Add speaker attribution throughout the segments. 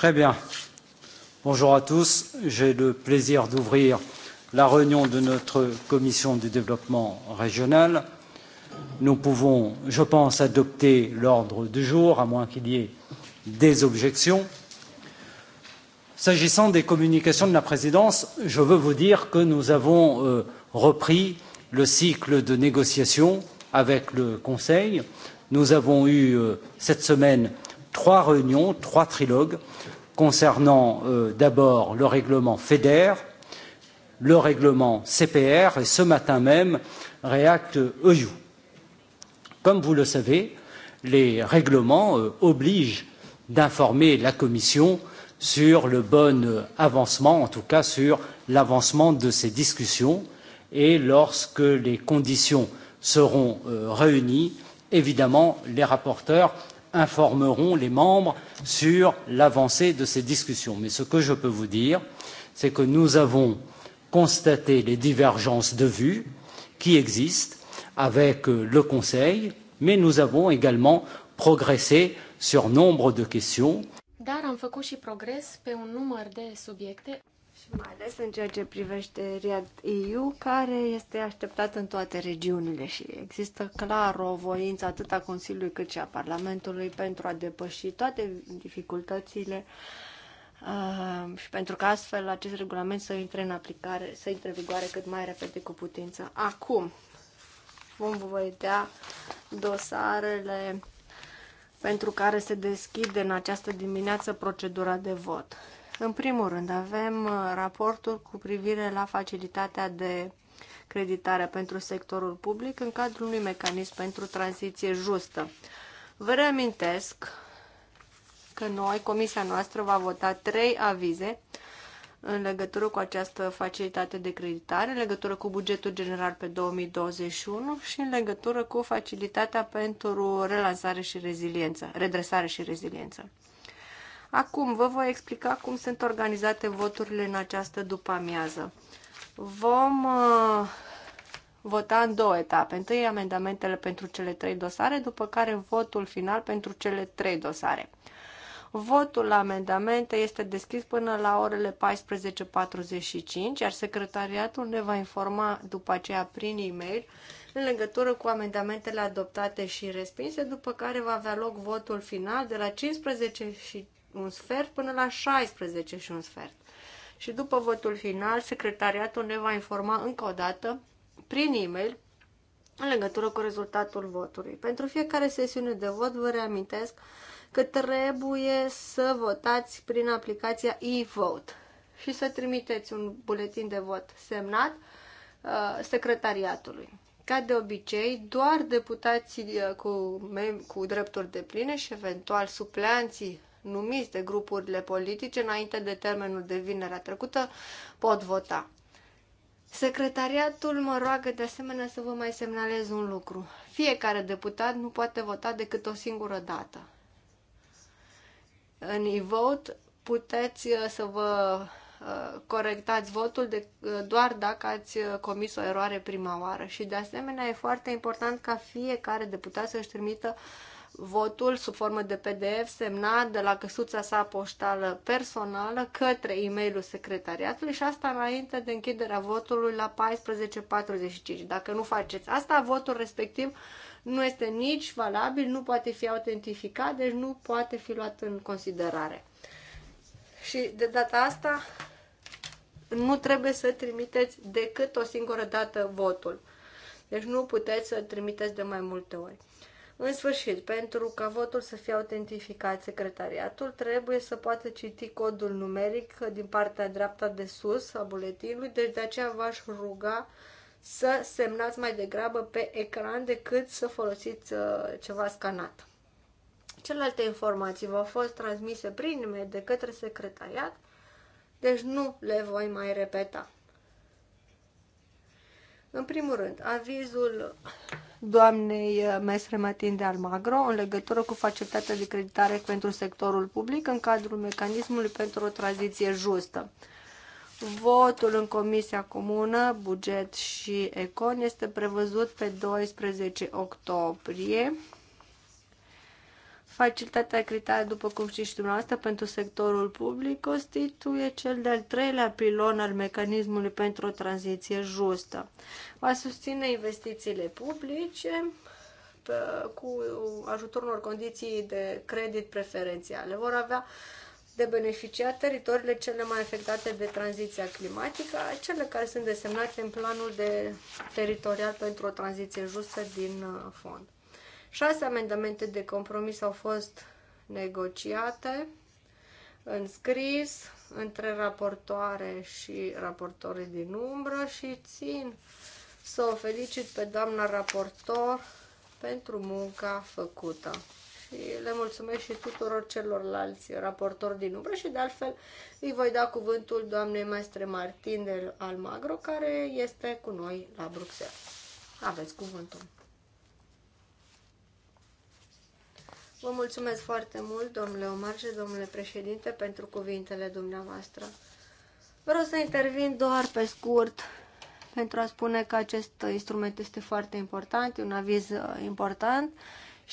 Speaker 1: Très bien. Bonjour à tous. J'ai le plaisir d'ouvrir la réunion de notre commission du développement régional. Nous pouvons, je pense, adopter l'ordre du jour, à moins qu'il y ait des objections. S'agissant des communications de la présidence, je veux vous dire que nous avons euh, repris le cycle de négociations avec le Conseil. Nous avons eu euh, cette semaine trois réunions, trois trilogues concernant euh, d'abord le règlement FEDER, le règlement CPR et ce matin même REACT EU. Comme vous le savez, les règlements euh, obligent d'informer la Commission sur le bon avancement, en tout cas sur l'avancement de ces discussions et lorsque les conditions seront euh, réunies, évidemment les rapporteurs informeront les membres sur l'avancée de ces discussions. Mais ce que je peux vous dire, c'est que nous avons constaté les divergences de vues qui existent avec euh, le Conseil, mais nous avons également progressé sur nombre de questions.
Speaker 2: Dar am făcut și progres pe un număr de subiecte și mai ales în ceea ce privește React EU, care este așteptat în toate regiunile și există clar o voință atât a Consiliului cât și a Parlamentului pentru a depăși toate dificultățile uh, și pentru că astfel acest regulament să intre în aplicare, să intre în vigoare cât mai repede cu putință. Acum vom vedea dosarele pentru care se deschide în această dimineață procedura de vot. În primul rând, avem uh, raportul cu privire la facilitatea de creditare pentru sectorul public în cadrul unui mecanism pentru tranziție justă. Vă reamintesc că noi, comisia noastră, va vota trei avize în legătură cu această facilitate de creditare, în legătură cu bugetul general pe 2021 și în legătură cu facilitatea pentru relansare și reziliență, redresare și reziliență. Acum vă voi explica cum sunt organizate voturile în această după-amiază. Vom uh, vota în două etape. Întâi amendamentele pentru cele trei dosare, după care votul final pentru cele trei dosare. Votul la amendamente este deschis până la orele 14.45, iar secretariatul ne va informa după aceea prin e-mail în legătură cu amendamentele adoptate și respinse, după care va avea loc votul final de la 15 și un sfert până la 16 și un sfert. Și după votul final, secretariatul ne va informa încă o dată prin e-mail în legătură cu rezultatul votului. Pentru fiecare sesiune de vot vă reamintesc că trebuie să votați prin aplicația e-vote și să trimiteți un buletin de vot semnat uh, secretariatului. Ca de obicei, doar deputații uh, cu, cu drepturi de pline și eventual supleanții numiți de grupurile politice înainte de termenul de vinerea trecută pot vota. Secretariatul mă roagă de asemenea să vă mai semnalez un lucru. Fiecare deputat nu poate vota decât o singură dată. În e-vote puteți uh, să vă uh, corectați votul de, uh, doar dacă ați comis o eroare prima oară. Și de asemenea e foarte important ca fiecare deputat să-și trimită uh, votul sub formă de PDF semnat de la căsuța sa poștală personală către e-mailul secretariatului și asta înainte de închiderea votului la 14.45. Dacă nu faceți asta, votul respectiv nu este nici valabil, nu poate fi autentificat, deci nu poate fi luat în considerare. Și de data asta nu trebuie să trimiteți decât o singură dată votul. Deci nu puteți să trimiteți de mai multe ori. În sfârșit, pentru ca votul să fie autentificat, secretariatul trebuie să poată citi codul numeric din partea dreapta de sus a buletinului, deci de aceea v-aș ruga să semnați mai degrabă pe ecran decât să folosiți uh, ceva scanat. Celelalte informații v-au fost transmise prin e de către secretariat, deci nu le voi mai repeta. În primul rând, avizul doamnei uh, Mestre Matin de Almagro în legătură cu facilitatea de creditare pentru sectorul public în cadrul mecanismului pentru o tranziție justă. Votul în Comisia Comună, Buget și Econ este prevăzut pe 12 octombrie Facilitatea acreditare, după cum știți și dumneavoastră, pentru sectorul public constituie cel de-al treilea pilon al mecanismului pentru o tranziție justă. Va susține investițiile publice cu ajutorul unor condiții de credit preferențiale. Vor avea de beneficiat teritoriile cele mai afectate de tranziția climatică, cele care sunt desemnate în planul de teritorial pentru o tranziție justă din uh, fond. Șase amendamente de compromis au fost negociate în scris între raportoare și raportori din umbră și țin să o felicit pe doamna raportor pentru munca făcută. Și le mulțumesc și tuturor celorlalți raportori din umbră și de altfel îi voi da cuvântul doamnei maestre Martin de Almagro care este cu noi la Bruxelles. Aveți cuvântul. Vă mulțumesc foarte mult, domnule și domnule președinte, pentru cuvintele dumneavoastră. Vreau să intervin doar pe scurt pentru a spune că acest instrument este foarte important, un aviz important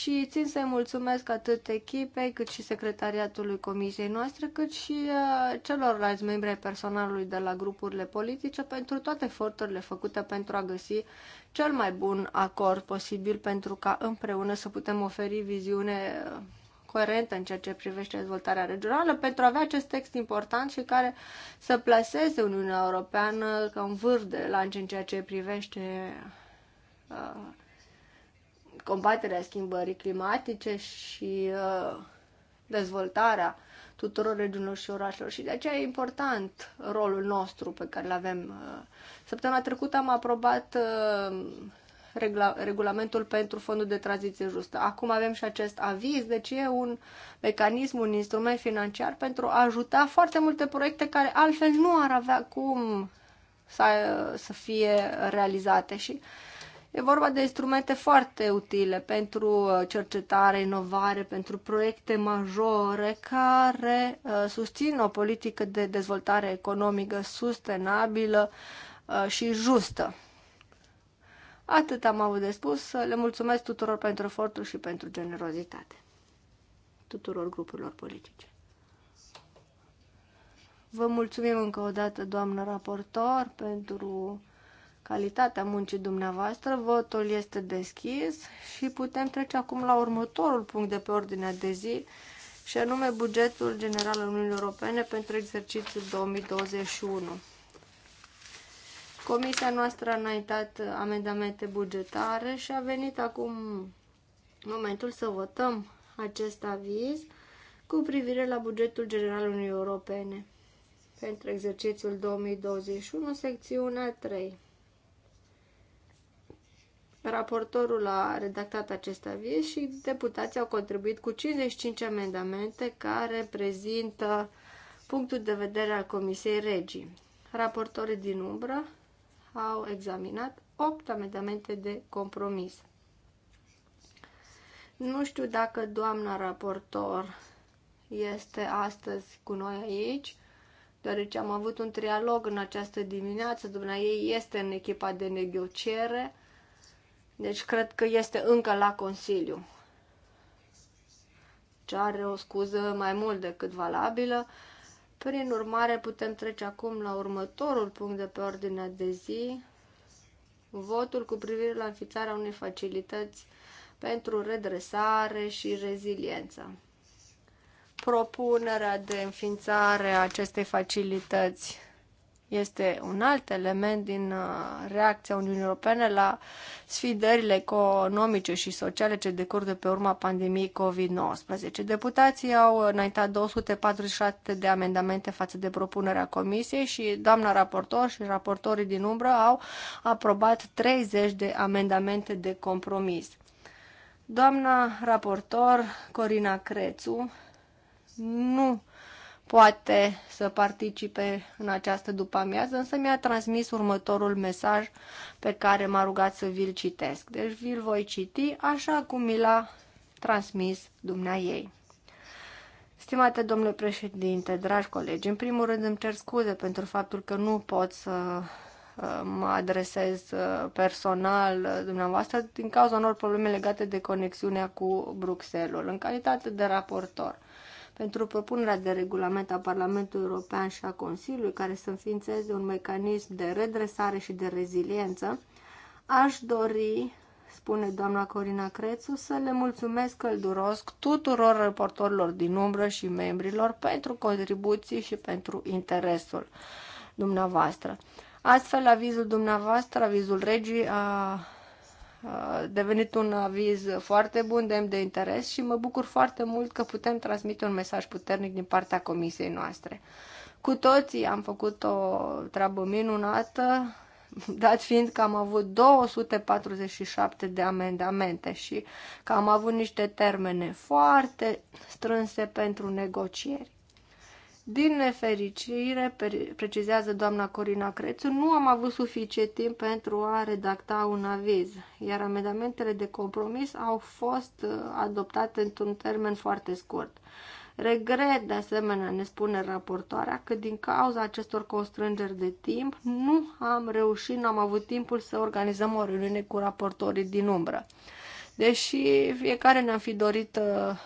Speaker 2: și țin să-i mulțumesc atât echipei, cât și secretariatului comisiei noastre, cât și uh, celorlalți membri ai personalului de la grupurile politice pentru toate eforturile făcute pentru a găsi cel mai bun acord posibil pentru ca împreună să putem oferi viziune uh, coerentă în ceea ce privește dezvoltarea regională pentru a avea acest text important și care să plaseze Uniunea Europeană ca un vârf de lance în ceea ce privește uh, combaterea schimbării climatice și uh, dezvoltarea tuturor regiunilor și orașelor și de aceea e important rolul nostru pe care îl avem. Uh. Săptămâna trecută am aprobat uh, regulamentul pentru fondul de tranziție justă. Acum avem și acest aviz, deci e un mecanism, un instrument financiar pentru a ajuta foarte multe proiecte care altfel nu ar avea cum să, să fie realizate și uh, E vorba de instrumente foarte utile pentru uh, cercetare, inovare, pentru proiecte majore care uh, susțin o politică de dezvoltare economică sustenabilă uh, și justă. Atât am avut de spus. Le mulțumesc tuturor pentru efortul și pentru generozitate. Tuturor grupurilor politice. Vă mulțumim încă o dată, doamnă raportor, pentru calitatea muncii dumneavoastră. Votul este deschis și putem trece acum la următorul punct de pe ordinea de zi, și anume bugetul general al Uniunii Europene pentru exercițiul 2021. Comisia noastră a înaintat amendamente bugetare și a venit acum momentul să votăm acest aviz cu privire la bugetul general al Uniunii Europene pentru exercițiul 2021, secțiunea 3. Raportorul a redactat acest aviz și deputații au contribuit cu 55 amendamente care prezintă punctul de vedere al Comisiei Regii. Raportorii din umbră au examinat 8 amendamente de compromis. Nu știu dacă doamna raportor este astăzi cu noi aici, deoarece am avut un trialog în această dimineață. Dumnea ei este în echipa de negociere deci cred că este încă la Consiliu. Ce are o scuză mai mult decât valabilă. Prin urmare, putem trece acum la următorul punct de pe ordinea de zi, votul cu privire la înființarea unei facilități pentru redresare și reziliență. Propunerea de înființare a acestei facilități este un alt element din uh, reacția Uniunii Europene la sfidările economice și sociale ce decurg de pe urma pandemiei COVID-19. Deputații au înaintat 247 de amendamente față de propunerea Comisiei și doamna raportor și raportorii din umbră au aprobat 30 de amendamente de compromis. Doamna raportor Corina Crețu nu poate să participe în această după-amiază, însă mi-a transmis următorul mesaj pe care m-a rugat să vi-l citesc. Deci vi-l voi citi așa cum mi l-a transmis dumnea ei. Stimate domnule președinte, dragi colegi, în primul rând îmi cer scuze pentru faptul că nu pot să uh, mă adresez uh, personal uh, dumneavoastră din cauza unor probleme legate de conexiunea cu Bruxelles, în calitate de raportor pentru propunerea de regulament a Parlamentului European și a Consiliului care să înființeze un mecanism de redresare și de reziliență, aș dori, spune doamna Corina Crețu, să le mulțumesc călduros tuturor reportorilor din umbră și membrilor pentru contribuții și pentru interesul dumneavoastră. Astfel, avizul dumneavoastră, avizul regii, a devenit un aviz foarte bun, demn de interes și mă bucur foarte mult că putem transmite un mesaj puternic din partea comisiei noastre. Cu toții am făcut o treabă minunată, dat fiind că am avut 247 de amendamente și că am avut niște termene foarte strânse pentru negocieri. Din nefericire, precizează doamna Corina Crețu, nu am avut suficient timp pentru a redacta un aviz, iar amendamentele de compromis au fost uh, adoptate într-un termen foarte scurt. Regret, de asemenea, ne spune raportoarea, că din cauza acestor constrângeri de timp nu am reușit, nu am avut timpul să organizăm o reuniune cu raportorii din umbră. Deși fiecare ne-am fi dorit uh,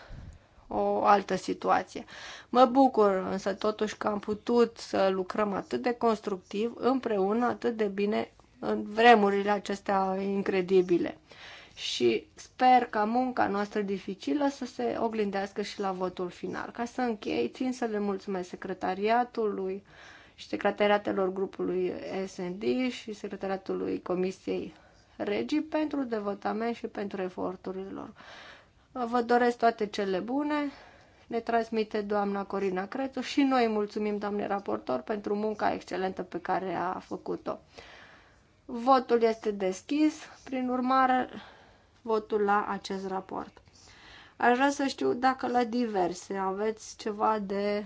Speaker 2: o altă situație. Mă bucur însă totuși că am putut să lucrăm atât de constructiv împreună, atât de bine în vremurile acestea incredibile. Și sper ca munca noastră dificilă să se oglindească și la votul final. Ca să închei, țin să le mulțumesc secretariatului și secretariatelor grupului S&D și secretariatului Comisiei Regii pentru devotament și pentru eforturile lor. Vă doresc toate cele bune. Ne transmite doamna Corina Crețu și noi mulțumim, doamne raportor, pentru munca excelentă pe care a făcut-o. Votul este deschis, prin urmare, votul la acest raport. Aș vrea să știu dacă la diverse aveți ceva de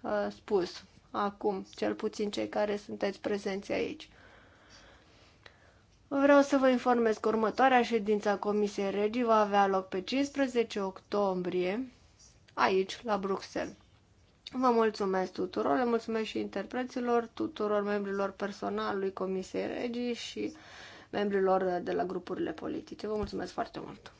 Speaker 2: uh, spus acum, cel puțin cei care sunteți prezenți aici. Vreau să vă informez că următoarea ședință a Comisiei Regii va avea loc pe 15 octombrie, aici, la Bruxelles. Vă mulțumesc tuturor, le mulțumesc și interpreților, tuturor membrilor personalului Comisiei Regii și membrilor de la grupurile politice. Vă mulțumesc foarte mult!